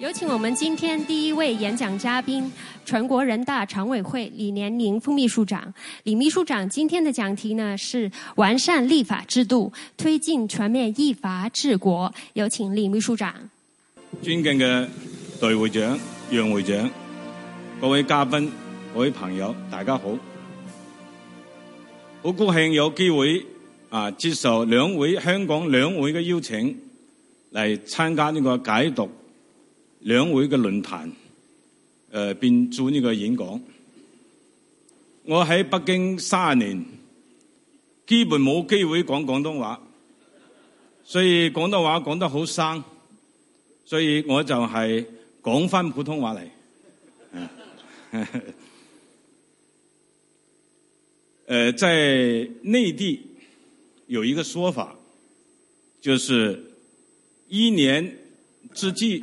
有請我們今天第一位演講嘉賓，全國人大常委會李連寧副秘書長。李秘書長今天的講題呢，是完善立法制度，推進全面依法治國。有請李秘書長。尊敬嘅代會長、楊會長，各位嘉賓、各位朋友，大家好！好高興有機會啊，接受兩位香港兩會嘅邀請，嚟參加呢個解讀兩會嘅論壇，誒，便做呢個演講。我喺北京三年，基本冇機會講廣東話，所以廣東話講得好生，所以我就係講返普通話嚟。誒、 呃，在內地有一個說法，就是一年之計。